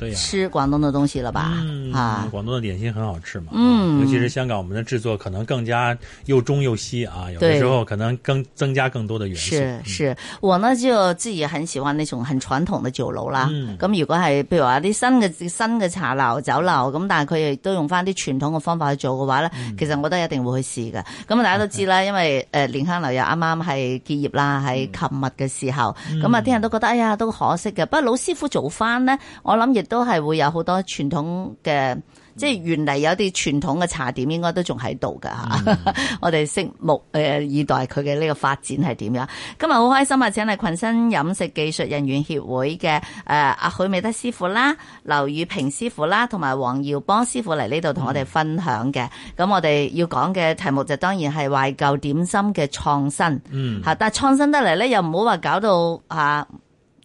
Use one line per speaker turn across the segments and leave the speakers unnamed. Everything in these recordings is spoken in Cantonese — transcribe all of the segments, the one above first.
對啊、吃廣東的東西了吧？嗯、
啊，廣東的點心很好吃嘛。嗯，尤其是香港，我們的製作可能更加又中又西啊。有的時候可能更增加更多的元素。是
是，我呢就自己很喜歡那種很傳統的酒樓啦。咁、嗯、如果係譬如話啲新嘅新嘅茶樓酒樓，咁但係佢亦都用翻啲傳統嘅方法去做嘅話呢、嗯，其實我都一定會去試嘅。咁、嗯、大家都知啦，因為誒蓮香樓又啱啱係結業啦，喺琴日嘅時候，咁、嗯、啊，啲、嗯、人都覺得哎呀都可惜嘅。不過老師傅做翻呢，我諗亦。都係會有好多傳統嘅，即係原嚟有啲傳統嘅茶點，應該都仲喺度嘅嚇。嗯、 我哋拭目誒以待佢嘅呢個發展係點樣？今日好開心啊！請嚟群生飲食技術人員協會嘅誒阿許美德師傅啦、劉宇平師傅啦，同埋黃耀邦師傅嚟呢度同我哋分享嘅。咁、嗯、我哋要講嘅題目就當然係懷舊點心嘅創新，嗯嚇。但係創新得嚟咧，又唔好話搞到嚇。啊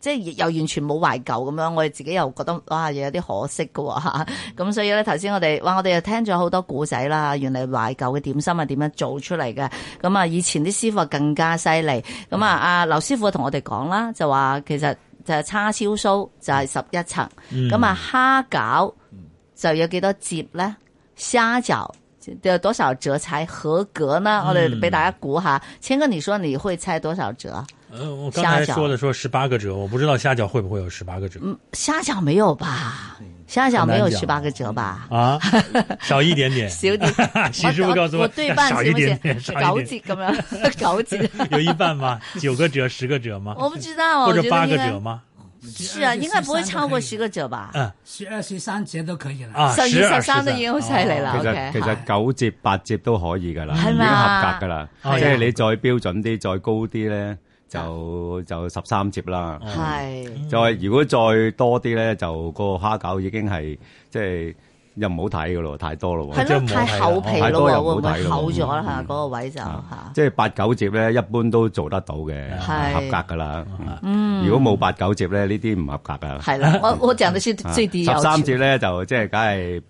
即係又完全冇懷舊咁樣，我哋自己又覺得哇，又有啲可惜㗎吓。咁 所以咧，頭先我哋哇，我哋又聽咗好多古仔啦。原來懷舊嘅點心係點樣做出嚟嘅？咁啊，以前啲師、啊、師傅更加犀利。咁啊，阿劉師傅同我哋講啦，就話其實就係叉燒酥就係十一層。咁、嗯、啊，蝦餃就有幾多折咧？蝦餃有多少折才合格呢？我哋俾大家估下。清、嗯、哥，你說你會猜多少折？
嗯、我剛才說的說十八個折，我不知道蝦餃會不會有十八個折。嗯，
蝦餃沒有吧？蝦餃沒有十八個折吧？
啊，少一點點。少 小點。徐 師傅告訴我，我我對少一點點，九折
咁樣，九折。
有一半嗎？九個折， 十個折嗎？我不知道、啊、或者八個折嗎應嗎
是啊，應該不會超過
十個折吧 12,？嗯，十二、十三折都可以了啊，十二、啊、十三都已經好犀利了。OK，、啊啊啊啊啊啊啊、其實
九折、八折都可以噶啦，已經合格噶啦。即係你再標準啲，再高啲咧。就就十三折啦，就係如果再多啲咧，就個蝦餃已經係即係又唔好睇噶咯，太多咯，太厚皮咯，哦，會唔會厚
咗啦？嗰、嗯，那個位就
吓，即係八九折咧，8, 一般都做得到嘅，合格噶啦，嗯。如果冇八九折咧，呢啲唔合格噶。係啦，我我淨係知知啲。十三折咧就即係梗係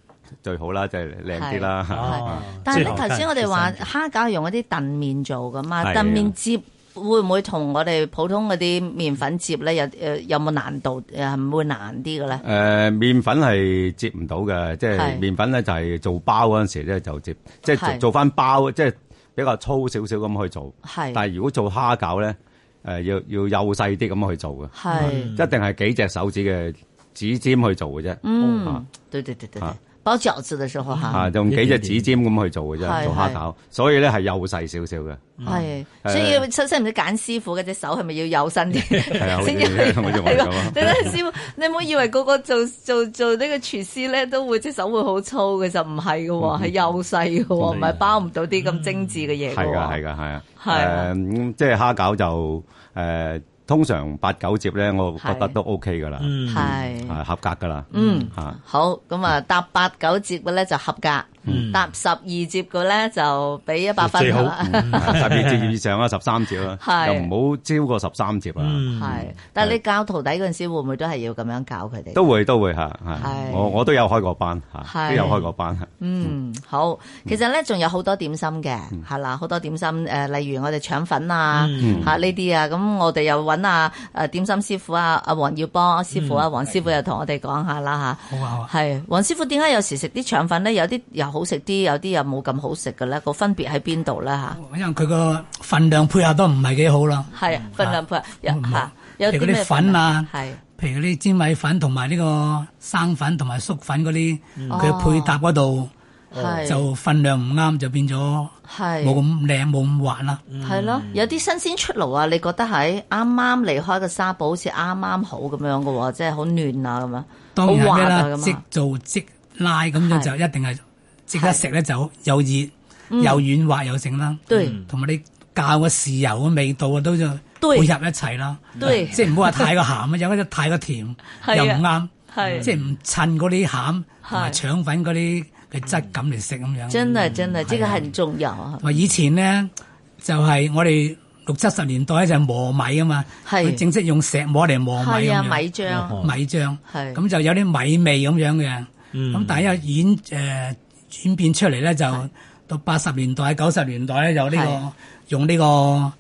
最好啦，即係靚啲啦。哦、 但係咧頭先我哋話
蝦餃用嗰啲燉麵做噶嘛，燉麵接，會唔會同我哋普通嗰啲麵粉接咧？有有冇難度？唔會難啲嘅咧？
誒、呃，麵粉係接唔到嘅，即係麵粉咧就係、是、做包嗰陣時咧就接，即係做返翻包，即係比較粗少少咁去做。係。但係如果做蝦餃咧、呃，要要幼細啲咁去做嘅，係、嗯、一定係幾隻手指嘅指尖去做嘅啫。嗯、
哦啊，對對對對。啊包餃子嘅時候吓、嗯，用幾隻指
尖咁去做嘅啫、嗯，做蝦餃，所以咧係幼細少少嘅。係、嗯，所
以識唔識揀師傅嘅隻手係咪要幼身啲？係、嗯、啊、嗯嗯，好幼 你睇師傅，你唔好以為個個做做做呢個廚師咧，都會隻手會好粗嘅、嗯嗯嗯嗯、就唔係嘅，係幼細嘅，唔係包唔到啲咁精致嘅嘢。係噶，係
噶，係啊。係，咁即係蝦餃就誒。通常八九折咧，我覺得都 OK 噶啦，係、嗯、合格噶啦，吓、嗯嗯、
好咁啊，搭八九折嘅咧就合格。搭十二折嘅咧就俾一百分啦。最好
十二折以上啊，十三折啦，又唔好超過十三折啊。係、
嗯，但係你教徒弟嗰陣時會唔會都係要咁樣搞佢哋？都會
都會吓，係我我都有開過班吓，都有開過班。嗯，嗯，
好，嗯、其實咧仲有好多點心嘅，係、嗯、啦，好多點心誒、呃，例如我哋腸粉啊，吓呢啲啊，咁、啊、我哋又搵啊誒、呃、點心師傅啊，阿黃耀邦師傅啊，黃師、啊嗯、師傅又同我哋講下啦吓。係、啊、黃、嗯啊、師傅點解有時食啲腸粉咧有啲油好食啲，有啲又冇咁好食嘅咧，個分別喺邊度咧嚇？
因為佢個份量配合都唔係幾好啦。係份、嗯、量配合嚇，有啲嗰啲粉啊，些譬如啲粘米粉同埋呢個生粉同埋粟粉嗰啲，佢、嗯、配搭嗰度、哦、就份量唔啱，就變咗冇咁靚，冇咁滑啦。係、
嗯、咯，有啲新鮮出爐啊，你覺得喺啱啱離開個紗布，好似啱啱好咁樣嘅喎，即係好嫩啊咁樣。當然係咩啦，即
做即拉咁樣就一定係。即刻食咧就又熱、嗯、又軟滑又整啦，同埋你教嘅豉油嘅味道啊，都就會對對就是 對嗯就是、配入一齊啦。即係唔好話太過鹹啊，有啲太過甜又唔啱，即係唔襯嗰啲餡同埋腸粉嗰啲嘅質感嚟食咁樣。真
係、嗯、真係，即個很重要啊！話以
前呢，就係、是、我哋六七十年代咧就磨米啊嘛，佢正式用石磨嚟磨米啊，米漿米漿，咁就有啲米味咁樣嘅。咁、嗯、但係又演。誒、呃。轉變出嚟咧，就到八十年代、九十年代咧，有呢、這個用呢、這個誒、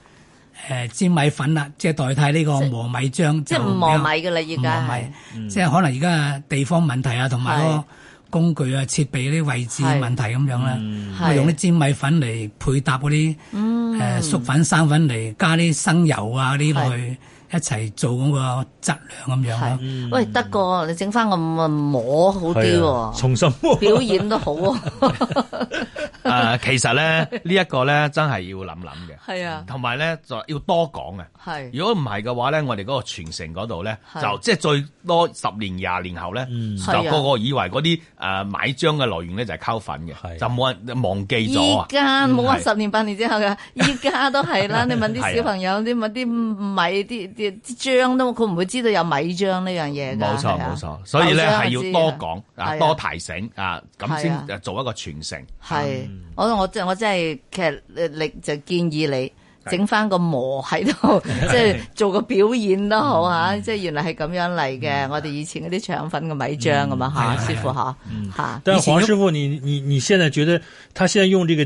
呃、粘米粉啦，即係代替呢個磨米漿，即係唔磨米㗎啦，而
家係，即係、
就是、可能而家地方問題啊，同埋個工具啊、設備啲位置的問題咁樣啦，用啲粘米粉嚟配搭嗰啲誒粟粉、生粉嚟加啲生油啊，呢類。一齊做咁個質量咁
樣喂，
得、嗯、個你整翻個模好啲
喎、啊，重新
表演都好啊！
呃、其實咧呢、呢個、呢想一個咧真係要諗諗嘅，啊，同埋咧就要多講嘅。如果唔係嘅話咧，我哋嗰個傳承嗰度咧，就即係最多十年廿年後咧、嗯，就個個以為嗰啲誒米漿嘅來源咧就係溝粉嘅、啊，就冇人忘記咗啊！依家冇話十
年八年之後嘅，依家都係啦。你問啲小朋友，啊、你問啲米啲啲漿都佢唔會知道有米漿呢樣嘢冇錯，冇錯，所以咧係要，要多講
啊，多提醒啊，咁、啊、先做一個傳承。係、
啊嗯，我我真我真係其實你，你就建議你整翻個模喺度，即係 做個表演都好、 嗯、啊！即係原來係咁樣嚟嘅、嗯，我哋以前嗰啲腸粉嘅米漿咁嘛。吓、嗯啊啊啊，師傅吓吓、嗯。但
係黃師傅你，你你你現在覺得，他現在用這個？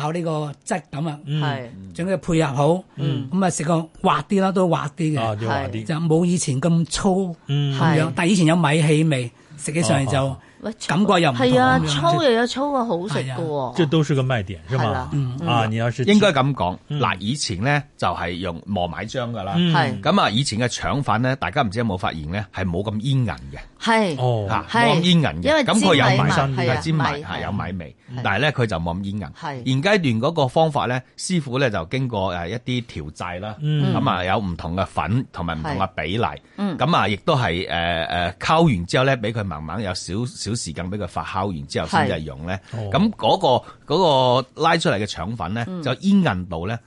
靠呢個質感啊、嗯，整佢配合好，咁啊食個滑啲啦，都滑啲嘅、啊，要滑啲，就冇以前咁粗係、嗯，咁樣，但係以前有米氣味，食起上嚟就。啊啊感覺又唔同、啊，係啊，粗
又有、啊、粗嘅、啊、好食嘅喎，
即都係個賣點，係嘛、啊？嗯啊，你要是應該咁講，嗱、嗯，以前呢就係用磨米漿㗎啦，咁、嗯、啊，以前嘅腸粉呢，大家唔知有冇發現呢？係冇咁煙韌嘅，係、啊、哦，冇咁煙韌嘅，因為煎米有、啊、煎米身，有芝麻，係有米味，但係呢，佢就冇咁煙韌。係現階段嗰個方法呢，師傅呢就經過誒一啲調製啦，咁、嗯、啊有唔同嘅粉同埋唔同嘅比例，咁啊亦都係誒誒溝完之後呢，俾佢慢慢有少少。少時間俾佢發酵完之後先至係用咧，咁嗰、oh. 嗰個、嗰個拉出嚟嘅腸粉咧，就煙韌度咧。Mm.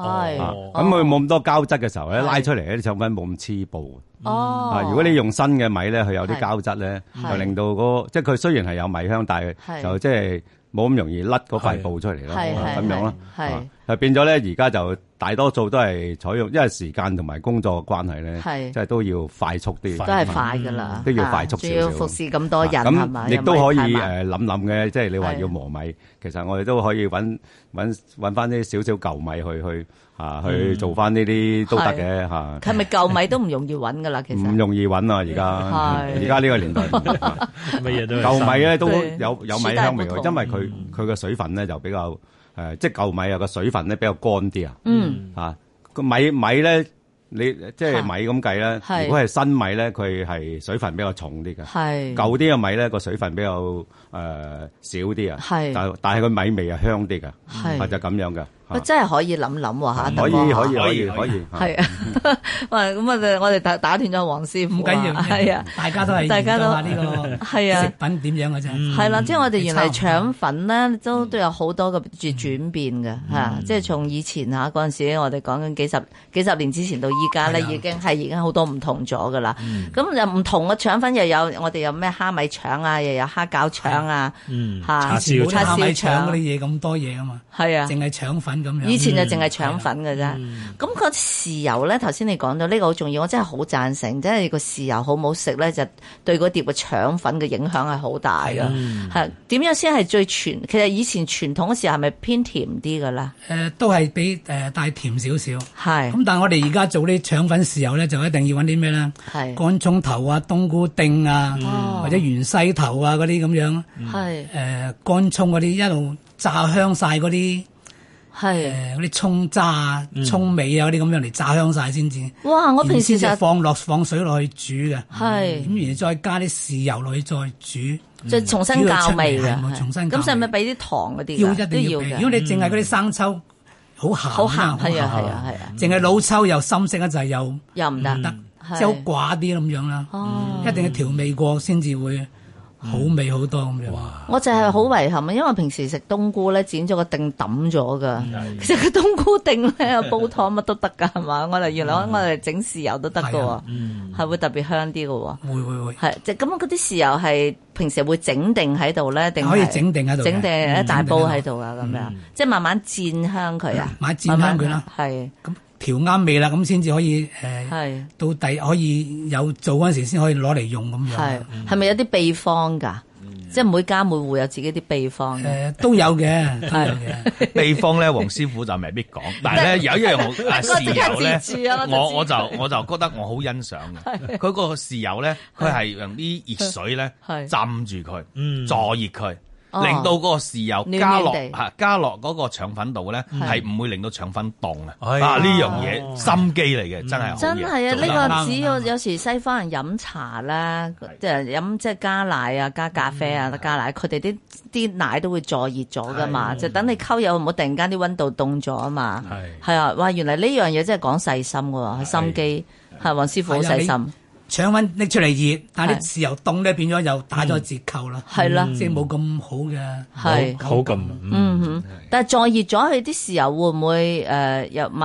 係、哦，咁佢冇
咁多膠質嘅時候咧，拉出嚟啲腸粉冇咁黐布。
哦、嗯，如果你
用新嘅米咧，佢有啲膠質咧，就令到嗰、那個、即係佢雖然係有米香，但係就即係冇咁容易甩嗰塊布出嚟咯，咁樣咯。就變咗咧，而家就大多數都係採用，因為時間同埋工作關係咧，即係都要快速啲，都係快噶
啦，都要快速啲。主要服侍咁多人，咁亦都可以誒
諗諗嘅。即係你話要磨米，其實我哋都可以揾揾揾翻啲少少舊米去去啊去做翻呢啲都得嘅嚇。係
咪舊米都唔容易揾噶啦？其實唔
容易揾啊！而家而家呢個年代，
舊米咧都有有米香味，因為
佢佢嘅水分咧就比較。誒，即係舊米啊，個水分咧比較乾啲啊。嗯。吓、啊，個米米咧，你即係米咁計啦。係、啊。如果係新米咧，佢係水分比較重啲嘅。
係。舊
啲嘅米咧，個水分比較誒、呃、少啲啊。係。但但係個米味係香啲嘅，係就咁、是、樣嘅。
真係可以諗諗喎可以可以可以可以，係啊，咁、啊嗯嗯嗯、 我哋打打斷咗黃師傅、啊，唔緊要大家都係，大家都係啊,都啊、呢個、食
品點樣嘅啫？係啦、啊嗯啊，即係我哋原來
腸粉呢，都有好多個轉變㗎、嗯啊嗯。即係從以前嗰、啊、陣時，我哋講緊幾十幾十年之前到而家呢、啊，已經係已經好多唔同咗㗎啦。咁又唔同嘅腸粉又有我哋有咩蝦米腸呀、啊，又有蝦餃腸呀、啊，嚇、嗯，炒、啊、蝦米腸嗰啲
嘢咁多嘢啊嘛，係啊，淨係腸粉。以前就淨係腸粉
㗎啫，咁、嗯嗯、個豉油咧，頭先你講到呢個好重要，我真係好贊成，即係個豉油好唔好食咧，就對個碟嘅腸粉嘅影響係好大㗎。係、嗯、點樣先係最傳？其實以前傳統嘅豉油係咪偏甜
啲㗎喇？誒、呃，都係比誒帶、呃、甜少少，係。咁但係我哋而家做啲腸粉豉油咧，就一定要搵啲咩咧？係乾葱頭啊、冬菇丁啊，嗯、或者芫茜頭啊嗰啲咁樣。係誒乾葱嗰啲一路炸香晒嗰啲。係誒嗰啲葱渣、啊、嗯、葱尾啊嗰啲咁樣嚟炸香晒先至。
哇！我平時放
落放水落去煮嘅，係咁、嗯、然後再加啲豉油落去再煮，再重新調味,的煮味是重新教味。咁使
唔使俾啲糖嗰啲？一定要。如果你淨係
嗰啲生抽，好、嗯、鹹。好鹹係啊係啊係啊！淨係、啊啊啊、老抽又深色一陣又又唔得、嗯，即好寡啲咁樣啦。哦、嗯嗯，一定要調味過先至會。嗯、好味好多咁
話，我就係好遺憾啊！因為平時食冬菇咧，剪咗個定抌咗噶。其實個冬菇定咧，煲湯乜都得噶，係嘛？我哋原來我哋整豉油都得噶喎，係、嗯、會特別香啲噶喎。會會會，係咁嗰啲豉油係平時會整定喺度咧，定可以整定喺度，整定一、嗯、大煲喺度啊，
咁、嗯、樣
即係慢慢煎香佢啊、嗯，慢慢煎香
佢咯，調啱味啦，咁先至可以、呃、到底可以有做嗰陣時先可以攞嚟用咁樣。係咪有啲秘方
㗎、嗯？即係每家每戶有自己啲秘方。誒、呃、
都有嘅，
係
秘方咧。黃師傅就未必講， 但係是咧呢 有一樣紅豉油咧呢，我 我就我就覺得我好欣賞嘅。佢 個豉油咧，佢 係用啲熱水咧 浸住佢，嗯，助熱佢。令到嗰個豉油加落嚇，加落嗰個腸粉度咧，係唔會令到腸粉凍啊！啊，呢樣嘢心機嚟嘅，真係真係啊！呢個只
要有時西方人飲茶啦，即係飲即係加奶啊、加咖啡啊、加奶，佢哋啲啲奶都會坐熱咗噶嘛，就等你溝油唔好突然間啲溫度凍咗啊嘛。係啊，哇！原來呢樣嘢真係講細心喎，心機係黃師傅好細心。
腸粉拎出嚟熱，但係啲豉油凍咧變咗又打咗折扣啦，係、嗯、啦，即係冇
咁好嘅，口感。嗯嗯哼。但係再熱咗，佢啲豉油會唔會誒、呃、又物？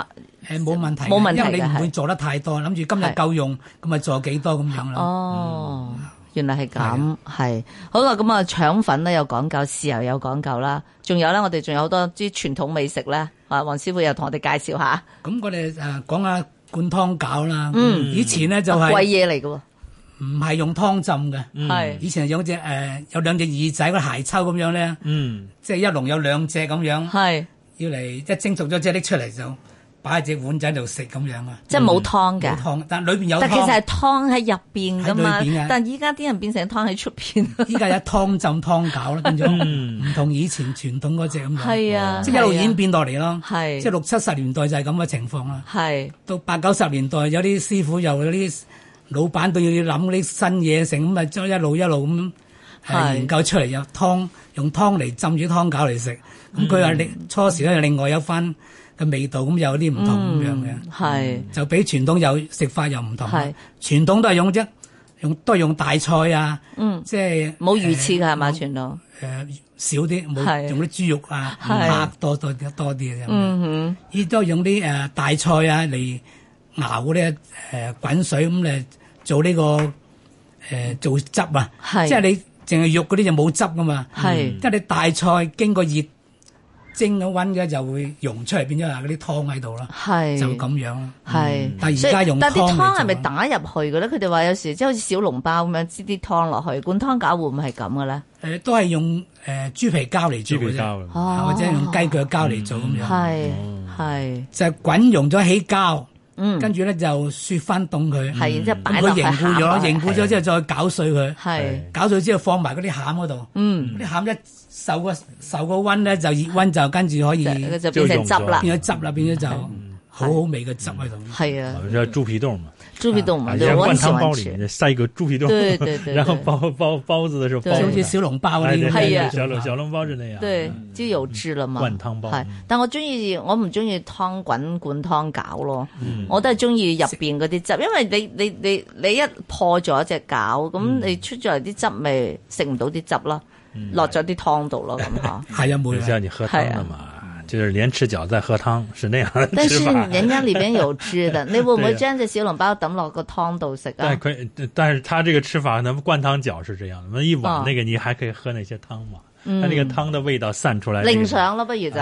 誒，冇問題，冇問題，因為你唔會做得太多，諗住今日夠用，咁咪做幾多咁樣咯。哦、嗯，原來係咁，係好啦，咁啊，腸粉咧有講究，豉油有講究啦，仲有咧，我哋仲有好多啲傳統美食咧。啊，黃師傅又同我
哋介紹下。咁我哋誒講下。灌湯餃啦，嗯，以前咧就係貴嘢嚟嘅，唔係用湯浸嘅，係以前係養隻誒，有兩隻耳仔嗰個鞋抽咁樣咧，即係一籠有兩隻咁樣，係要嚟即一蒸熟咗即係拎出嚟就。擺喺隻碗仔度食咁樣啊，即係冇湯㗎。冇湯，但裏邊有湯。但其實係
湯喺入邊㗎嘛，但依家啲人變成湯喺出邊。依家有
湯浸湯餃啦，變咗唔同以前傳統嗰隻咁樣。係
啊，即係一路演
變落嚟咯。係，即係六七十年代就係咁嘅情況啦。係。到八九十年代有啲師傅又有啲老闆都要諗啲新嘢成。咁啊，將一路一路咁研究出嚟有湯，用湯嚟浸住湯餃嚟食。咁佢話你初時咧又另外一份。嘅味道，咁有啲唔同咁樣嘅，就比傳統有食法又唔同啦。傳統都係用即啫，用都係用大菜啊，即係冇魚翅㗎係嘛？傳統誒、呃、少啲冇用啲豬肉啊，蝦多多多啲嘅。嗯哼，亦都係用啲誒大菜啊嚟熬嗰啲誒滾水咁嚟做呢、這個誒、呃、做汁啊。即係、就是、你淨係肉嗰啲就冇汁㗎嘛。即係、嗯、你大菜經過熱。蒸咗溫嘅就會溶出嚟，變咗有嗰啲湯喺度咯，就咁樣啦係、嗯，但而家用但啲湯係咪
打入去嘅咧？佢哋話有時即係、就是、好似小籠包咁樣擠啲湯落去，灌湯餃會唔係
咁嘅咧？都係用、呃、豬皮膠嚟豬皮膠、啊、或者用雞腳膠嚟做咁、哦、樣，係就係滾溶咗起膠。嗯，跟住咧就雪翻凍佢，係、嗯，然之後擺落去佢凝固咗、嗯，凝固咗之後再攪碎佢，係，攪碎之後放埋嗰啲餡嗰度，嗯，啲餡一受個受個溫咧就熱溫就跟住可以就，就變成汁啦，變咗汁啦、嗯，變咗就好好味嘅汁喺度，
係啊，即係豬皮凍豬皮凍嘛，對，就係灌湯包裏面，塞一個豬皮凍，然後包包包子嘅時候包對對對對對對，小籠包嚟，小籠小籠包之類
啊，都有豬啦嘛，係、嗯，但我中意我唔中意湯滾灌湯餃咯、嗯，我都係中意入邊嗰啲汁，因為你你你你一破咗隻餃，咁、嗯、你出咗嚟啲汁咪食唔到啲汁咯、嗯，落咗啲湯度咯咁嗬，
係、嗯、 啊，冇嘢之你喝湯啊嘛。就是連吃餃再喝湯是那樣的，但是人家裏邊有
汁的， 你會唔會將隻小籠包抌落個湯度食啊？但佢，
但是他這個吃法，呢，灌湯餃是這樣，咁一碗那個你還可以喝那些湯嘛？他、啊、那個湯的味道散出來，這個，淋
上咯不如就，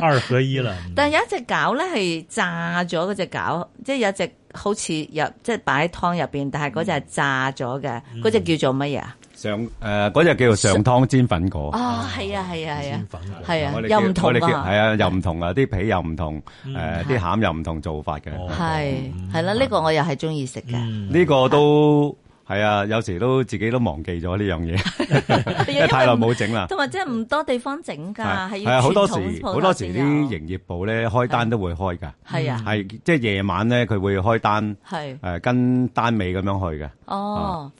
二合一了。嗯、
但有一隻餃呢係炸咗嗰隻餃，即、就、係、是、有隻好似有即係擺喺湯入邊，但係嗰隻係炸咗嘅，嗰、嗯、隻叫做乜嘢啊？嗯
上誒，嗰隻叫做上湯煎粉果啊！
係啊，係啊，係啊，係啊，又唔同啊，係
啊，又唔同啊，啲皮又唔同，誒，啲餡又唔同做法嘅，係
係啦，呢個我又係中意食嘅，
呢個都係啊，有時都自己都忘記咗呢樣嘢，因為太耐冇整啦，同
埋即係唔多地方整㗎，係啊，好多時好多時啲
營業部咧開單都會開㗎，係啊，係即係夜晚咧佢會開單，係誒跟單尾咁樣去嘅，哦。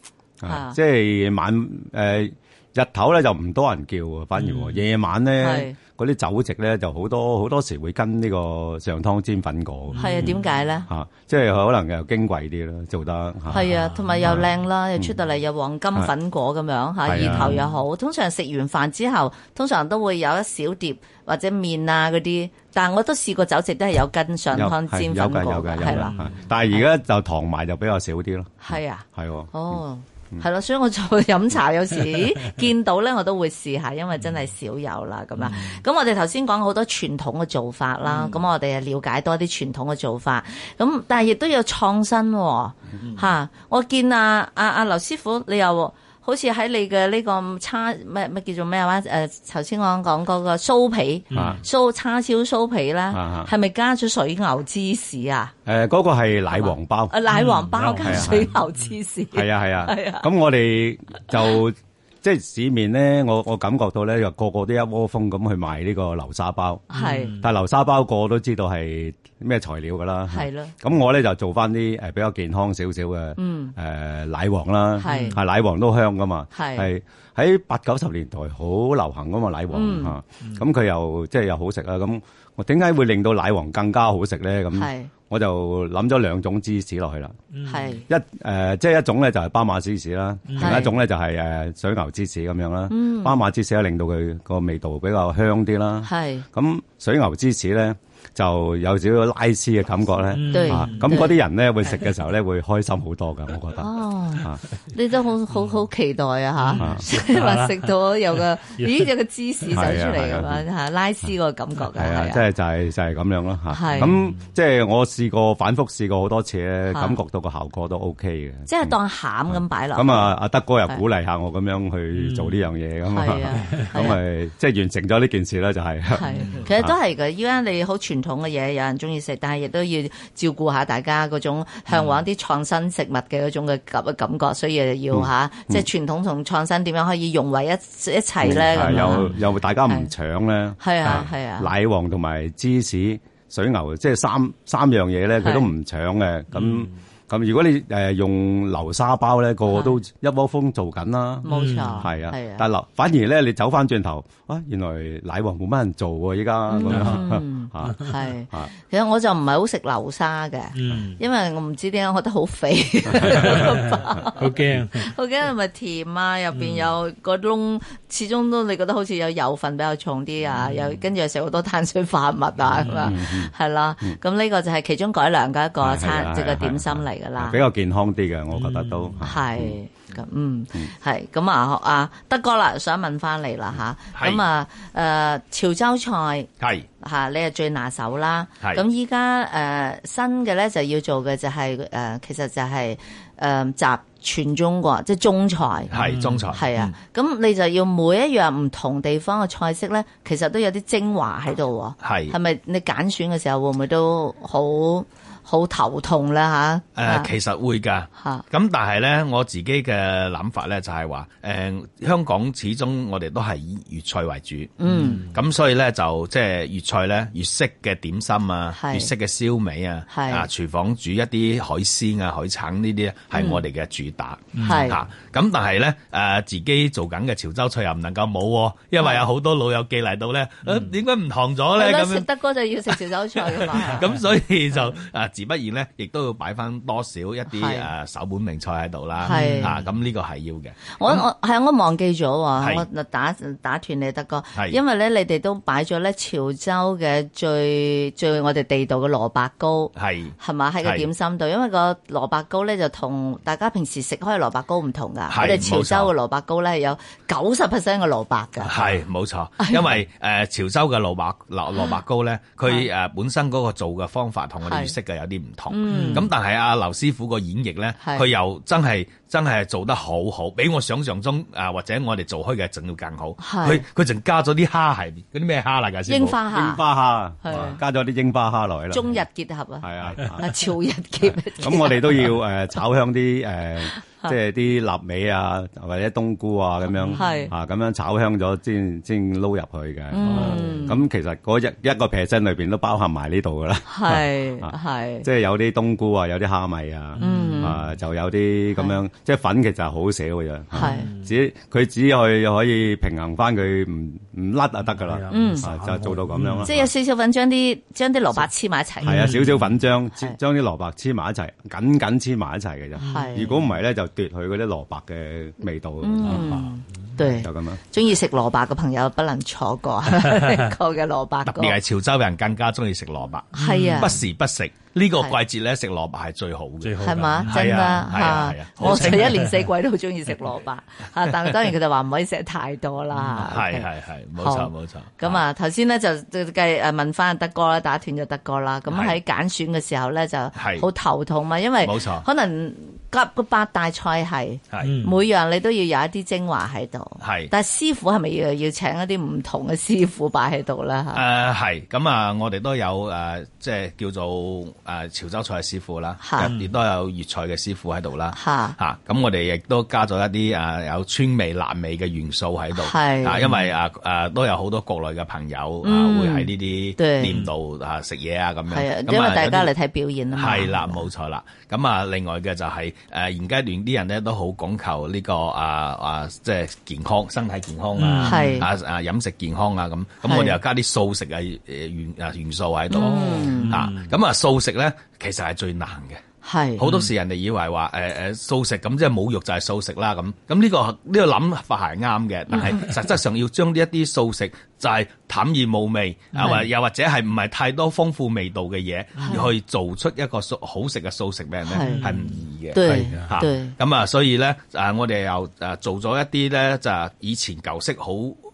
是啊，啊！即係晚誒、呃，日頭咧就唔多人叫，反而夜、嗯、晚咧，嗰啲酒席咧就好多好多時會跟呢個上湯煎粉果。係啊？點解咧？吓、啊，即係可能又矜貴啲啦，做得係
啊，同、啊、埋又靚啦、啊，又出到嚟有黃金粉果咁樣吓、啊，意頭又好、啊。通常食完飯之後，通常都會有一小碟或者麵啊嗰啲。但係我都試過酒席都係有跟上湯煎粉果。有啦、啊啊
啊，但係而家就糖埋就比較少啲咯。係啊，係、啊、哦。嗯
係咯， 所以我做飲茶有時見到咧，我都會試下，因為真係少有啦咁啦。咁 我哋頭先講好多傳統嘅做法啦，咁 我哋係，了解多啲傳統嘅做法，咁但係亦都有創新喎、哦。 我見阿啊啊劉師傅，你又～好似喺你嘅呢個叉咩咩叫做咩話誒，頭先我講嗰個酥皮酥叉燒酥皮啦，係咪加咗水牛芝士啊？
誒、嗯，嗰、嗰個係奶黃包，奶黃包加水牛
芝士，係啊，係啊，咁、
啊啊啊啊、我哋就。 即係市面咧，我我感覺到咧又個個都一窩蜂咁去賣呢個流沙包。係，但係流沙包個個都知道係咩材料噶啦。係咁、嗯、我咧就做翻啲誒比較健康少少嘅。嗯。誒、呃，奶黃啦。係。係奶黃都香噶嘛。係。喺八九十年代好流行噶嘛奶黃。吓、嗯，咁、嗯、佢又即係、就是、又好食啊！咁我點解會令到奶黃更加好食咧？咁。我就諗咗兩種芝士落去啦，係、嗯、一誒，即、呃、係、就是、一種咧就係巴馬芝士啦，另、嗯、一種咧就係誒水牛芝士咁樣啦。巴、嗯、馬芝士咧令到佢個味道比較香啲啦，係、嗯、咁水牛芝士咧就有少少拉絲嘅感覺咧、嗯啊，對，咁嗰啲人咧會食嘅時候咧會開心好多噶，我
覺得。哦
啊、你都好好好期待啊！吓、啊，即係話、啊、食到有個，咦，有個芝士走出嚟咁樣吓，拉絲個感覺嘅係，即係、啊啊啊、就
係、是、就係咁樣咯吓。咁即係我試過反覆試過好多次咧、啊，感覺到個效果都 OK 嘅、啊嗯。
即係當餡咁擺落。咁啊，
阿德哥又鼓勵下我咁樣去做呢樣嘢咁啊，咁咪即係完成咗呢件事啦，就係、是啊啊啊。其實都係
嘅，依家你好傳統嘅嘢，有人中意食，但係亦都要照顧下大家嗰種向往啲創新食物嘅嗰種嘅感覺，所以要、嗯啊、就要嚇，即係傳統同創新點樣可以融為一一齊咧、嗯？又又
大家唔搶咧，係啊係啊，奶黃同埋芝士水牛，即係三三樣嘢咧，佢都唔搶嘅咁。咁如果你誒用流沙包咧，個個都一窩蜂做緊啦，冇錯，係啊，但係反而咧，你走翻轉頭啊，原來奶黃冇乜人做喎，依家咁樣啊，係啊，其實我就唔係
好食流沙嘅，因為我唔知點解我覺得好肥，
好
驚，好驚係咪甜啊？入邊有個窿，始終都你覺得好似有油分比較重啲啊，又跟住又食好多碳水化合物啊，係啦，咁呢個就係其中改良嘅一個餐即係個點心嚟。比
較健康啲嘅、嗯，我覺得都
係咁，
嗯，
係、嗯、咁啊，阿德哥啦，想問翻你啦吓，咁、嗯、啊，誒、啊，潮州菜係吓、啊，你係最拿手啦，咁依家誒新嘅咧就要做嘅就係、是、誒、啊，其實就係、是、誒、啊、集全中國即係中菜，係、嗯啊、中菜，係、嗯、啊，咁你就要每一樣唔同地方嘅菜式咧，其實都有啲精華喺度，係係咪你揀選嘅時候會唔會都好？好頭痛啦嚇、啊呃！其
實會㗎嚇。咁、啊、但係咧，我自己嘅諗法咧就係、是、話、呃、香港始終我哋都係以粵菜為主。
嗯。
咁所以咧就即係粵菜咧，粵式嘅點心啊，粵式嘅燒味啊，啊，廚房煮一啲海鮮啊、海產呢啲係我哋嘅主打。係、嗯、咁、啊、但係咧、呃、自己做緊嘅潮州菜又唔能夠冇、啊，因為有好多老友記嚟到咧。誒、嗯，點解唔糖咗咧？咁食
得嗰就要食潮州菜㗎嘛。
咁、 啊、所以就 自不然咧，亦都要擺翻多少一啲誒、啊、首本名菜喺度啦。係啊，咁、嗯、呢個係要嘅。
我我係我忘記咗，我打打斷你德哥，係，因為咧，你哋都擺咗咧潮州嘅最最我哋地道嘅蘿蔔糕。係，係嘛喺個點心度，因為個蘿蔔糕咧就同大家平時食開嘅蘿蔔
糕唔同㗎。我哋潮州
嘅蘿蔔糕咧，有九十 percent 嘅蘿蔔㗎。
係，冇錯，因為誒、呃、潮州嘅蘿蔔蘿蘿蔔糕咧，佢、啊、誒、呃、本身嗰個做嘅方法同我哋粵式嘅。有啲唔同，咁，嗯、但係阿劉師傅個演繹咧，佢又真係。真係做得好好，比我想象中啊，或者我哋做開嘅仲要更好。佢佢仲加咗啲蝦喺嗰啲，咩蝦嚟㗎先？櫻花蝦、櫻花蝦，加咗啲櫻花蝦落去啦。中
日結合啊，係啊，朝日結合。咁我哋都要
誒、呃、炒香啲誒，呃、 即係啲臘味啊，或者冬菇啊咁樣，啊咁樣炒香咗先先撈入去嘅。咁、嗯啊、其實嗰一一個皮身裏面都包含埋呢度㗎啦，係、
啊啊、即
係有啲冬菇啊，有啲蝦米啊，嗯、啊就有啲咁樣。即係粉，其實係好少嘅嘢。係、嗯，只佢只可以平衡翻佢唔唔甩啊得噶啦。嗯，就做到咁樣咯。即、嗯、係
有少少粉漿啲，將啲蘿蔔黐埋一齊。係啊、嗯，少
少粉漿，將啲蘿蔔黐埋一齊，緊緊黐埋一齊嘅啫。如果唔係咧，就奪去嗰
啲蘿蔔嘅味道。嗯嗯對，就咁樣，
中意
食蘿卜嘅朋友不能
錯過個
嘅蘿卜，特別係
潮州人更加中意食蘿卜，係啊，不時不食呢、這個季節咧食蘿卜係最好嘅，係嘛，真啦、啊啊啊啊啊啊啊啊啊、我我一年四
季都好中意食蘿卜但當然佢就話唔可以食太多啦，係係係，冇錯冇錯。咁啊，頭先呢就繼誒問翻德哥啦、啊，打斷咗德哥啦，咁喺揀選嘅時候咧就好頭痛啊，因為冇錯，可能個八大菜係係每樣你都要有一啲精華喺度。係，但係師傅係咪要要請一啲唔同嘅師傅擺喺度啦？
誒、呃，係，咁啊，我哋都有誒，即、呃、係叫做誒潮州菜嘅師傅啦，亦都有粵菜嘅師傅喺度啦，吓，咁、啊、我哋亦都加咗一啲誒、呃、有川味、辣味嘅元素喺度，吓、呃，因為誒誒、呃、都有好多國內嘅朋友、嗯呃、會啊會喺呢啲店度啊食嘢啊咁樣，係、嗯、啊、呃呃，因為大家嚟、呃、睇
表演啊嘛，係啦，
冇錯啦，咁啊，另外嘅就係誒現階段啲人咧都好講求呢、這個誒誒、呃啊，即係。健康、身體健康、嗯、啊，啊啊飲食健康啊咁，咁我哋又加啲素食嘅誒元啊元素喺度、嗯、啊，咁啊素食咧其實係最難嘅。好、嗯、多時人哋以為話誒、呃、素食，咁即係冇肉就係素食啦，咁咁呢個呢、呢個諗法係啱嘅，但係實質上要將一啲素食就係淡而冇味、呃，又或又或者係唔係太多豐富味道嘅嘢，要去做出一個素好食嘅素食畀人呢。咧係唔易嘅。係啊，咁啊，所以咧我哋又做咗一啲咧就係以前舊式好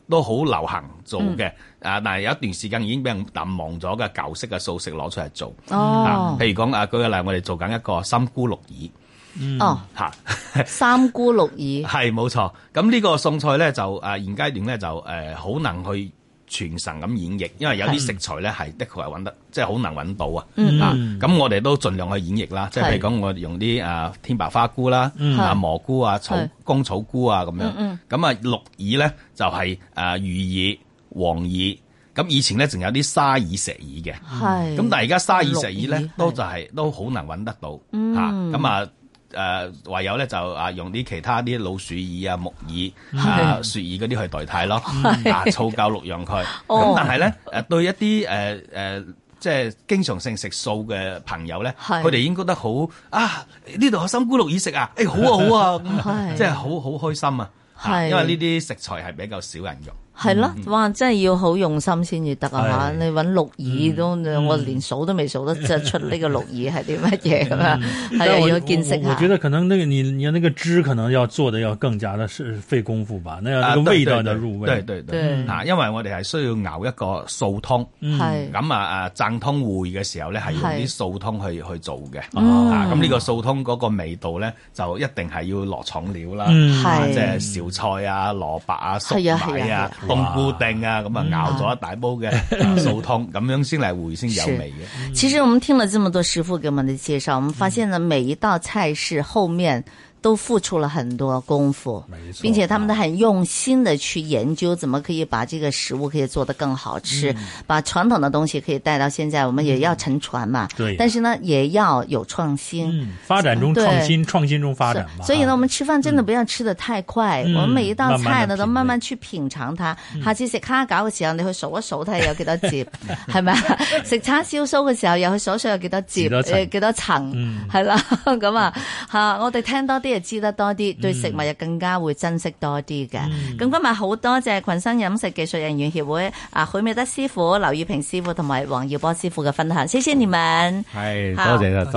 都好流行做嘅。嗯啊！但係有一段時間已經俾人淡忘咗嘅舊式嘅素食攞出嚟做，oh. 啊，譬如講啊，舉個例，我哋做緊一個三菇六耳，哦、
mm. 啊，
吓三菇六耳，係 冇錯。咁呢個餸菜咧就啊，現階段咧就誒好、呃、難去傳神咁演繹，因為有啲食材咧係的確係搵得，即係好難搵到、mm. 啊。啊，咁我哋都盡量去演繹啦。即係譬如講，我哋用啲啊天白花菇啦，mm. 啊蘑菇啊草公草菇啊咁樣，咁、mm -hmm. 啊六耳咧就係、是、啊魚耳。黃耳咁以前咧，仲有啲沙耳、石耳嘅，咁但係而家沙耳、石耳咧、就是，都就係都好難搵得到，吓、嗯、咁啊誒，唯有咧就啊用啲其他啲老鼠耳啊、木耳啊、雪耳嗰啲去代替咯、嗯，啊醋夠六樣佢咁，但係咧誒對一啲誒誒即係經常性食素嘅朋友咧，佢哋已經覺得好啊，呢度有三菇六耳食啊，啊哎好啊好啊，即係好好開心啊，因為呢啲食材係比較少人用。係咯，
哇！真係要好用心先至得啊！吓、嗯，你揾六耳都、嗯，我連數都未數得，即、嗯、出呢個六耳係啲乜嘢咁啊？係、嗯、啊，要見識下我我。我覺
得可能那個你你有那個汁可能要做得要更加的是費功夫吧，那個味道就入味。啊、對對對，對，對，對，對、
啊，因為我哋係需要熬一個素湯，係咁啊啊，正通匯嘅時候咧，係用啲素湯去去做嘅。咁呢、嗯啊、個素湯嗰個味道咧，就一定係要落重料啦，即係小菜啊、蘿卜啊、粟米啊。咁固定啊，咁啊熬咗一大煲嘅素湯，咁、啊、樣先嚟回先有味嘅。
其實我們聽了這麼多師傅給我們的介紹，我們發現呢，嗯、每一道菜式後面。都付出了很多功夫，並且他們都很用心的去研究怎麼可以把這個食物可以做得更好吃，嗯，把傳統的東西可以帶到現在。我們也要承傳嘛，對、嗯，但是呢，嗯、也要有創新，嗯，發展中創新，
創新中發展嘛。所
以呢，啊，所以我們吃飯真的不要吃的太快，嗯，我們每一道菜呢，嗯，慢慢都慢慢去品嘗它。下次食蝦餃嘅時候， 你會數一數它有幾多節，係咪啊？食 叉燒酥嘅時候又去數數有幾多節，幾多層，係、呃、啦，咁啊，吓、呃，我哋聽多啲。嗯 嗯 亦知得多啲，對食物又更加會珍惜多啲嘅。咁，嗯，今日好多謝群生飲食技術人員協會啊許美德師傅、劉玉平師傅同埋黃耀波師傅嘅分享，嗯，謝謝你們。係，
多謝晒。